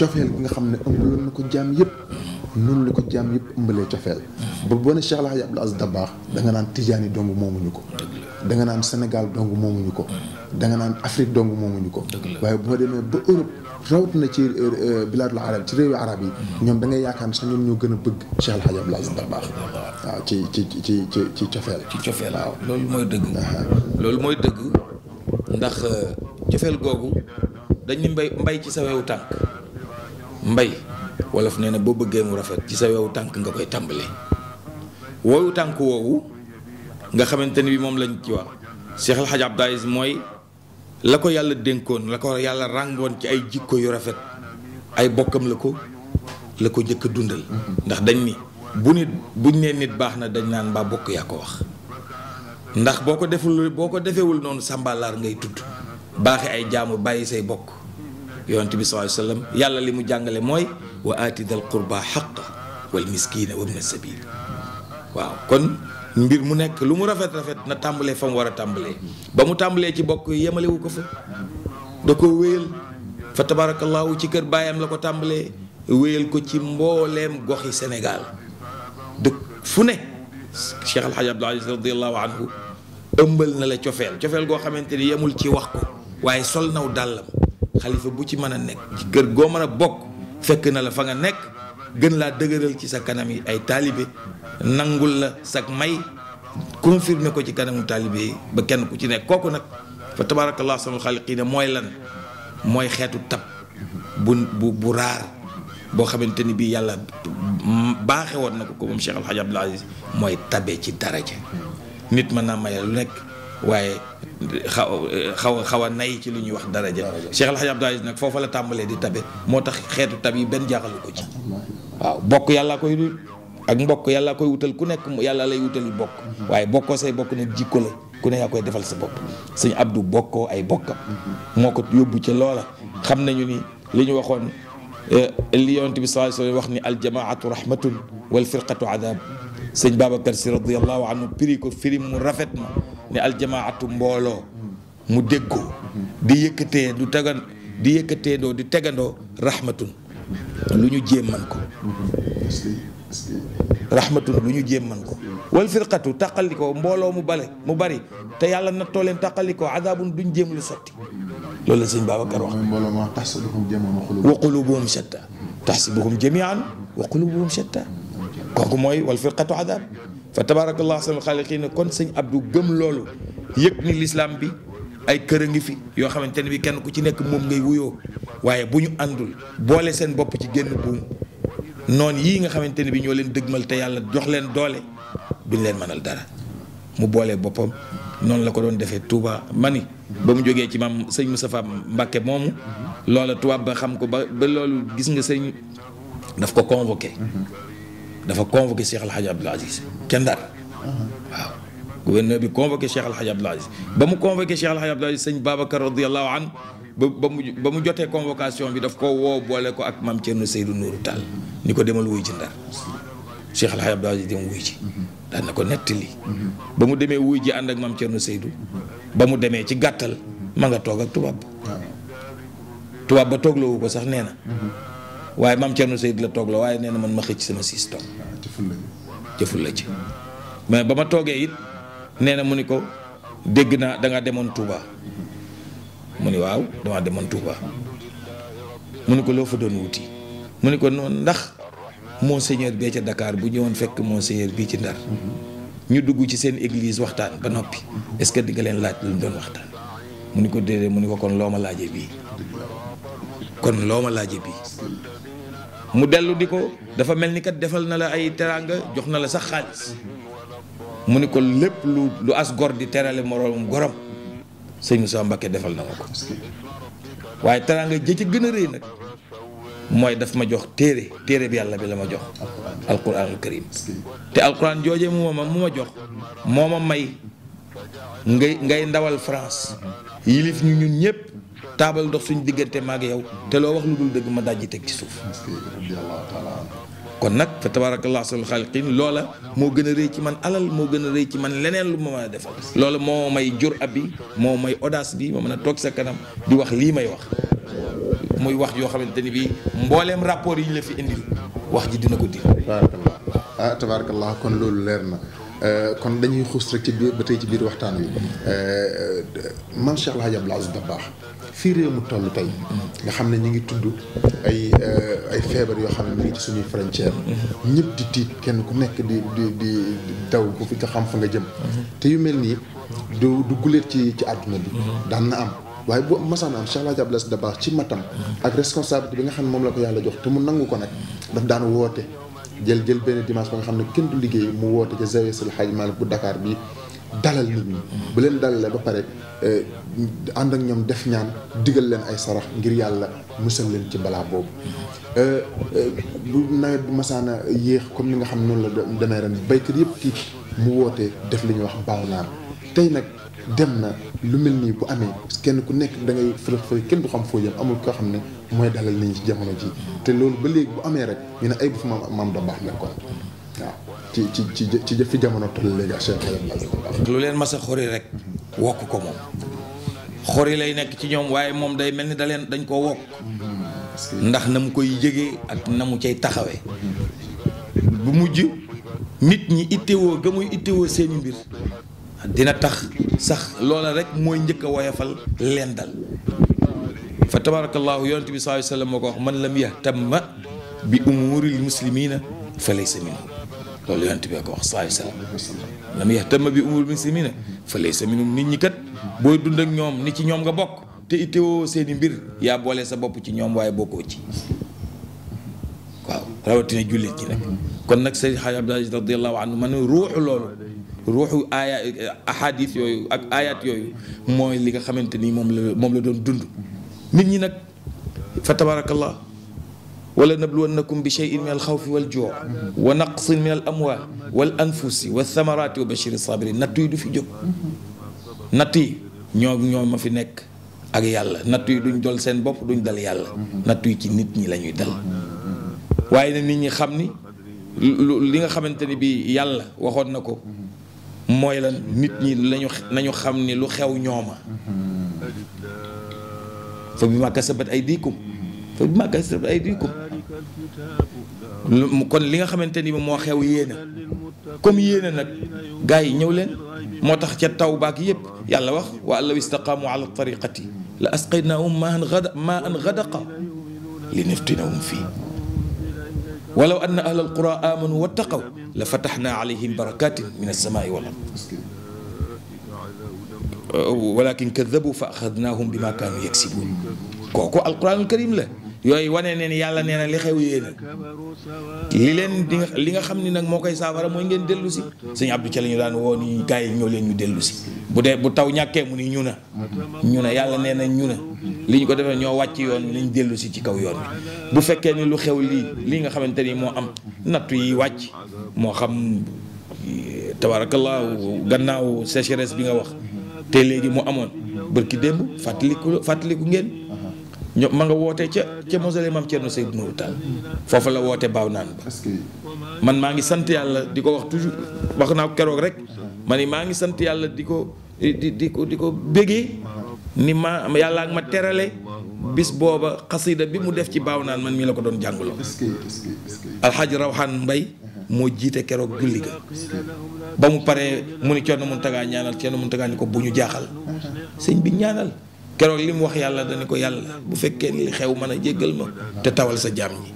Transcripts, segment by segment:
cofeel bi nga xam ne ëmbaloon ko jaam yëpp noonu la ko jaam yëpp ëmbalee cofeel ba boo ne Cheikh El Hadj Abdou Aziz Dabakh dong moomuñu ko da naan Sénégal dong moomuñu ko da nga naan Afrique dong moomuñu ko waaye boo demee ba Europe na ci euh, euh, bilaadul arab ci réewi arab yi mm-hmm. ñoom da ngay yaakaar ne sax ñoo gën a bëgg Cheikh El Hadj Abdou waaw ci ci ci ci ci cofeel ci cofeel waaw loolu mooy dëgg uh-huh. loolu mooy dëgg ndax euh, cofeel googu dañu mbay ci sa wewu tànk mbay wolof nee na boo bëggee mu rafet ci sa wewu tànk nga koy tàmbale woowu tànk woowu nga xamante ni bi moom lañ ci wax Cheikh El Hadj mooy la ko yàlla dénkoon la ko yàlla ràngoon ci ay jikko yu rafet ay bokkam la ko la ko njëkk a dundal ndax dañ ni bu nit buñ nee nit baax na dañ naan mbaa bokk yaa ko wax ndax boo ko deful boo ko defewul noonu sàmbalaar ngay tudd baaxe ay jaamu bàyyi say bokk yonent bi sallallahu alayhi wa sallam yàlla li mu jàngale mooy wa aati dal qurba xaqa wal miskina wabna sabil waaw kon mbir mu nekk lu mu rafet rafet na tàmbalee fa mu war a tàmbalee ba mu tàmbalee ci bokk yi yemalewu ko fa da ko wéyal fa tabaarakallaahu ci kër baayam la ko tàmbalee wéyal ko ci mbooleem goxi Sénégal dëkk fu ne Cheikh Al Hadj Aziz radiallahu anhu ëmbal na la cofeel cofeel goo xamante ni yemul ci wax ko waaye sol naw dàllam xalifa bu ci mën a nekk ci kër goo man a bokk fekk na la fa nga nekk gën laa dëgëral ci sa kanam yi ay taalibe nangul la sag may confirmer ko ci kanamu taalibe ba kenn ku ci nekk kooku nag fa tabarakallah sama xaliqiina mooy lan mooy xeetu tab bu boo xamante ni bii yàlla baaxe woon na ko ko moom Aziz mooy tabe ci daraja nit mën naa maye lu nekk waaye xaw xaw xaw a nay ci lu ñuy wax daraja Cheikh El Hadj nag foofa la tàmbalee di tabe moo tax xeetu tab yi benn jaaxalu ko ci waaw bokk yàllaa koy ak mbokk yàlla koy wutal ku nekk yàlla lay wutal bokk waaye bokkoo say bokk nag jikko la ku ne yaa koy defal sa bopp sëñ Abdou bokkoo ay bokkam moo ko yóbbu ca loola xam nañu ni li ñu waxoon eh, li yonent bi sallallahu wax ni aljamaatu rahmatun wa firqatu adab sëñ Babacar si radiallahu anhu ko firi mu rafet ne aljamaatu mbooloo mu déggoo di yëkkatee du di yëkkatee doo tegandoo rahmatun lu ñu jéem man ko rahmatun lu ñu jéem man ko wal firqatu tàqalikoo mbooloo mu bale mu bari te yàlla nattoo leen tàqalikoo azabun duñ jéem lu sotti loolu la sëñ Babacar wax wa qulubuhum shatta tahsibuhum jamian wa qulubuhum shatta kooku mooy wal firqatu azab fa tabaarakallah sama xaaliqiina kon sëñ Abdou gëm loolu yëg ni lislaam bi ay kër a ngi fi yoo xamante ne bi kenn ku ci nekk moom ngay wuyoo waaye bu ñu àndul boole seen bopp ci génn buum noonu yii nga xamante ne bi ñoo leen dëgmal te yàlla jox leen doole duñu leen mënal dara mu boole boppam noonu la ko doon defee Touba mani ba mu jógee ci maam sëñ Moustapha Mbacke moomu loola tubaab ba xam ko ba ba loolu gis nga sëñ daf ko convoqué dafa convoqué Cheikh El Hadj Abdoul Aziz kenn daal waaw gouverneur bi convoqué Cheikh El Hadj ba mu convoqué Cheikh El Hadj Abdoul Aziz sëñ Babacar radiyallahu an ba ba mu ba mu jotee convocation bi daf ko woo boole ko ak maam Thierno Seydou Nourou Tall ni ko demal wuy ji ndar Cheikh El Hadj Abdoul Aziz dem wuy ji daan na ko nettali ba mu demee wuy ji ànd ak maam Thierno Seydou ba mu demee ci gàttal ma nga toog ak tubaab ba tubaab ba toogloowu ko sax nee na waaye maam Thierno Seydou la toog la waaye nee man ma xëcc sama siis toog jëful la ci mais ba ma toogee it nee na mu ni ko dégg naa dangaa demoon Touba mu ni waaw damaa demoon tuuba mu ni ko loo fa doon wuti mu ni ko noonu ndax monseigneur bee ca dakaar bu ñëwoon fekk monseigneur bii ci Ndar ñu dugg ci seen église waxtaan ba noppi est-ce que di leen laaj lu ñu doon waxtaan mu ni ko déedéet mu ni ko kon loo ma laaje bi kon loo ma laaje bii mu dellu di ko dafa mel ni kat defal na la ay teraanga jox na la sax xaalis mu ni ko lépp lu lu as gor di terale moroom gorom sëñ Moussa Mbacké defal na ma ko waaye teraanga jë ci gën a rëy nag mooy daf ma jox téere téere bi yàlla bi la ma jox alquranul karim te alquran jooje mu ma mu ma jox moo ma may ngay ngay ndawal France yilif ñu ñun ñëpp taabal ndox suñu diggante ma ak yow te loo wax lu dul dëgg ma dajji teg ci suuf kon nag fa tabarakallah sul xalqin loola moo gën a rëy ci man alal moo gën a rëy ci man leneen lu ma mën a loola moo may jur ab moo may audace bi mën a toog sa kanam di wax lii may wax muy wax yoo xamante ni bii mbooleem rapport yi ñu la fi indi wax ji dina ko dir ah tabarakallah kon loolu leer na eh, kon dañuy xuus rek ba tey ci biir waxtaan wi eh, man Cheikh El Hadj Abdoul Aziz Dabakh fii mu toll tey nga xam ne ñu ngi tudd ay euh, ay feebar yoo xam ne mi ngi ci suñuy frontière ñëpp di tiit kenn ku nekk di di di daw ku fi nga xam fa jëm te yu mel nii du du guleet ci ci àdduna bi daan am waaye bu masaan am Cheikh El ci matam ak responsabilité bi nga xam ne moom la ko yàlla jox te mu nangu ko nag daf daan woote jël jël benn dimanche ba nga xam ne kenn du liggéey mu woote ca Zawiya Seydi El Hadji Malick bu dakaar bi dalal nit ñi bu leen dalalee ba pare eh, ànd ak ñoom def ñaan digal leen ay sarax ngir yàlla musal leen ci balaa boobu eh, eh, bu nawet bu masaana yéex comme ni nga xam noonu la demee ren baykat yëpp tiit mu woote def li ñuy wax baaw naan tey nag dem na lu mel nii bu amee kenn ku nekk da ngay fërëx kenn du xam foo jëm amul koo xam ne mooy dalal nit ñi ci jamono ji te loolu ba léegi bu amee rek ñu ne ay bu fi maam maam da baax nekkoon ci ci ci ci jëfi jamono toll léegi ak seen xelam lu leen mas a xori rek wokk ko moom xori lay nekk ci ñoom waaye moom day mel ni da leen dañ koo wokk ndax na mu koy yëgee ak na mu cay taxawee bu mujj nit ñi ittewoo ga muy ittewoo seeni mbir dina tax sax loola rek mooy njëkk a woyafal leen dal fa tabarakallahu yonent bi sallallahu alayhi wasallam moo ko wax man lam yahtamma bi umuuril muslimiina fa laysa minhum loolu yonent bee ko wax saay salaam lam yahtamma bi umuril muslimina fa laysa minhum nit ñi kat booy dund ak ñoom ni ci ñoom nga bokk te itteewoo seeni mbir yaa boole sa bopp ci ñoom waaye bokkoo ci waaw rawatina jullit ci nag kon nag Seydi Xaaj Abdul Aziz radiyallahu anhu yooyu ak ayat yooyu mooy li nga xamante ni moom la moom la doon dund nit ñi nag fa tabarakallah wala nabluwannakum bi cheyin min alxawfi wal joo wa naqsin min al amwaal wal anfusi wa thamaraati wa bashiri sabirin natt yi du fi jóg natt yi ñoo ñoom ma fi nekk ak yàlla natt yi duñ dol seen bopp duñ dal yàlla natt yi ci nit ñi la ñuy dal waaye na nit ñi xam ni li nga xamante ni bi yàlla waxoon na ko mooy lan nit ñi lañu xam ni lu xew ñooma fa bi ma kasabat ay diikum màgg ay diikum kon li nga xamante ni moo xew yéene comme yéene nag yi ñëw leen moo tax ca taw baak yëpp yàlla wax wa allaw istaqaamu ala tariqati la asqaynaahum maan gada maa an na li naftinahum fii walaw anna ahla alqura amanu wattaqaw la fataxnaa alayhim barakatin min alsamaai wal ard walakin kadabu fa axadnaahum bima kaanu yaksibuun kooku alquranul karim la yooyu wane ne yàlla nee na li xew yéen li leen di nga li nga xam ni nag moo koy saafara mooy ngeen dellu si sëñ Abdou ca la ñu daan woo ni gars yi ñoo leen ñu dellu si bu dee bu taw ñàkkee mu ni ñu na ñu na yàlla nee na ñu na li ñu ko defee ñoo wàcc yoon wi nañ dellu si ci kaw yoon bi bu fekkee ni lu xew lii lii nga xamante ni moo am nattu yi wàcc moo xam tabarakallah gannaaw sécheresse bi nga wax te léegi mu amoon bërki démb fàttaliku fàttaliku ngeen ño ma nga woote ca ca mausolée Maam Thierno Seydou Nourou Tall foofu la woote baaw naan ba man maa ngi sant yàlla di ko wax toujours wax naa ko keroog rek ma ni maa ngi sant yàlla di ko di di ko di ko bégee ni ma yàlla ak ma terale bis booba xasida bi mu def ci baaw naan man mii la ko doon jànguloo alxaaji rawxaan mbay moo jiite keroog julli ga ba mu paree mu ni Thierno Mountaga ñaanal Thierno Mountaga ni ko bu ñu jaaxal sëñ bi ñaanal keroog li mu wax yàlla dañu ko yàlla bu fekkee ni li xew mën a jéggal ma te tawal sa jaam ñi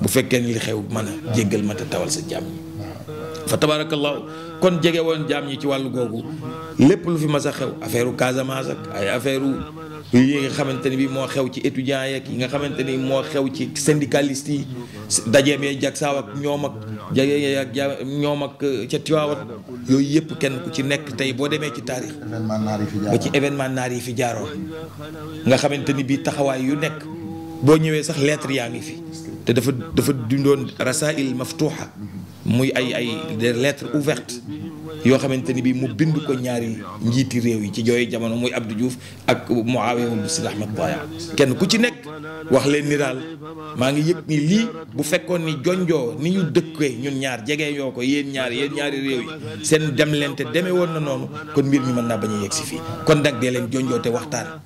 bu fekkee ni li xew man a jéggal ma te tawal sa jaam ñi fa tabaarakallaahu kon jege woon jaam yi ci wàll googu lépp lu fi mas a xew affaire u Casamance ak ay affaire u yi nga xamante ni bi moo xew ci étudiants yeeg yi nga xamante ni moo xew ci syndicalistes yi dajeem yee jag saaw ak ñoom ak jage ñoom ak euh, ca Tiwaawat yooyu yëpp kenn ku ci nekk tey boo demee ci taarix ba ci événement naar yi fi jaaroon nga xamante ni bi taxawaay yu nekk boo ñëwee sax lettre yaa ngi fi te dafa dafa dundoon rasail maftuha muy ay ay des lettres ouvertes yoo xamante ni bii mu bind ko ñaari njiiti réew yi ci jooyu jamono muy Abdou Diouf ak Mouawiya Ibn Saad Ahmed Baya kenn ku ci nekk wax leen ni daal maa ngi yëg ni lii bu fekkoon ni jonjoo ni ñu dëkkee ñun ñaar jege yoo ko yéen ñaar yéen ñaari réew yi seen dem te demee woon na noonu kon mbir mi mën naa bañ a yegg si fii kon nag dee leen jonjoo te waxtaan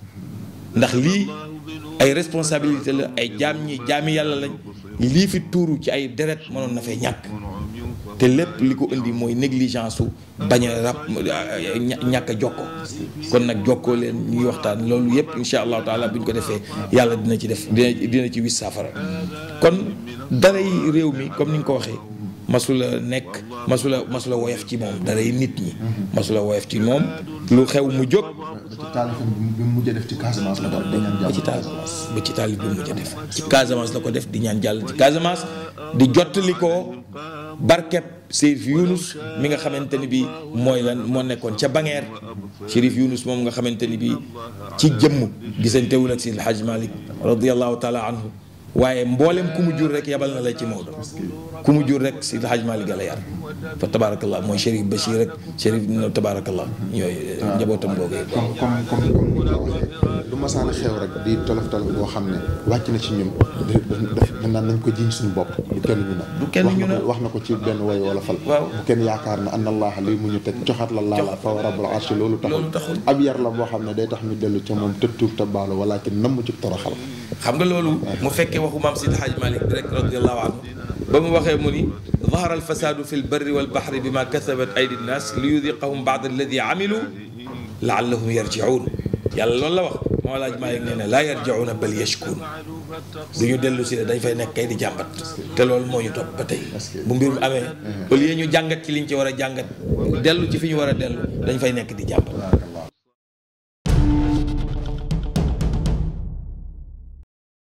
ndax lii ay responsabilité la ay jaam ñi jaami yàlla lañ lii fi tuuru ci ay deret mënoon na fee ñàkk te lépp li ko indi mooy négligence su bañ a rab ñàkk a jokko kon nag jokkoo leen ñuy waxtaan loolu yëpp incha allah taala bu ñu ko defee yàlla dina ci def dina dina ci wis saafara kon daray réew mi comme ni nga ko waxee. masula nekk masula masula woyof ci moom dara yi nit ñi. masula woyof ci moom lu xew mu jóg. ba ci Casamance ba ci taalif bi mu mujj a def ci Casamance la ko def di ñaan jàll ci Casamance di jottali ko barkeb Chérif Younous mi nga xamante ni bi mooy la moo nekkoon ca Bangeer Chérif Younous moom nga xamante ni bi ci jëmm gisantewul ak Seydi El Hadji Malick radiallahu taala anhu waaye mboolem ku mu jur rek yebal na la ci Maodo ku mu jur rek si Hadj Malick la yar fa tabarakallah mooy Chérif Bachir rek Chérif no tabarakallah yooyu eh, ah. njabootam boo koy comme comme comme ni lu masaan xew rek di tolof tolof boo xam ne wàcc na ci ñun da naan nañ ko jiñ suñu bopp kenn ñu na wax na ko ci benn woy wala fal kenn yaakaar na an allah lii mu ñu teg joxaat la laa la fa rabbul arshi loolu taxul ab yar la boo xam ne day tax ñu dellu ca moom tëb te baalu wala ci namm ci toroxal xam nga loolu mu fekkee waxu maam Sidi Hadj Malick rek radiyallahu anhu ba mu waxee mu ni zahara alfasaadu fi lbarri walbahri bima kasabat aydi nnaas li yudiqahum baad alladi amilu laallahum yarjiun yàlla loolu la wax moo laaj maa yeg nee ne laa yarjiuna bal yashkuun du ñu dellu si dañ fay nekk kay di jàmbat te loolu moo ñu topp ba tey bu mbir mi amee au lieu ñu jàngat ci liñ ci war a jàngat dellu ci fi ñu war a dellu dañ fay nekk di jàmbat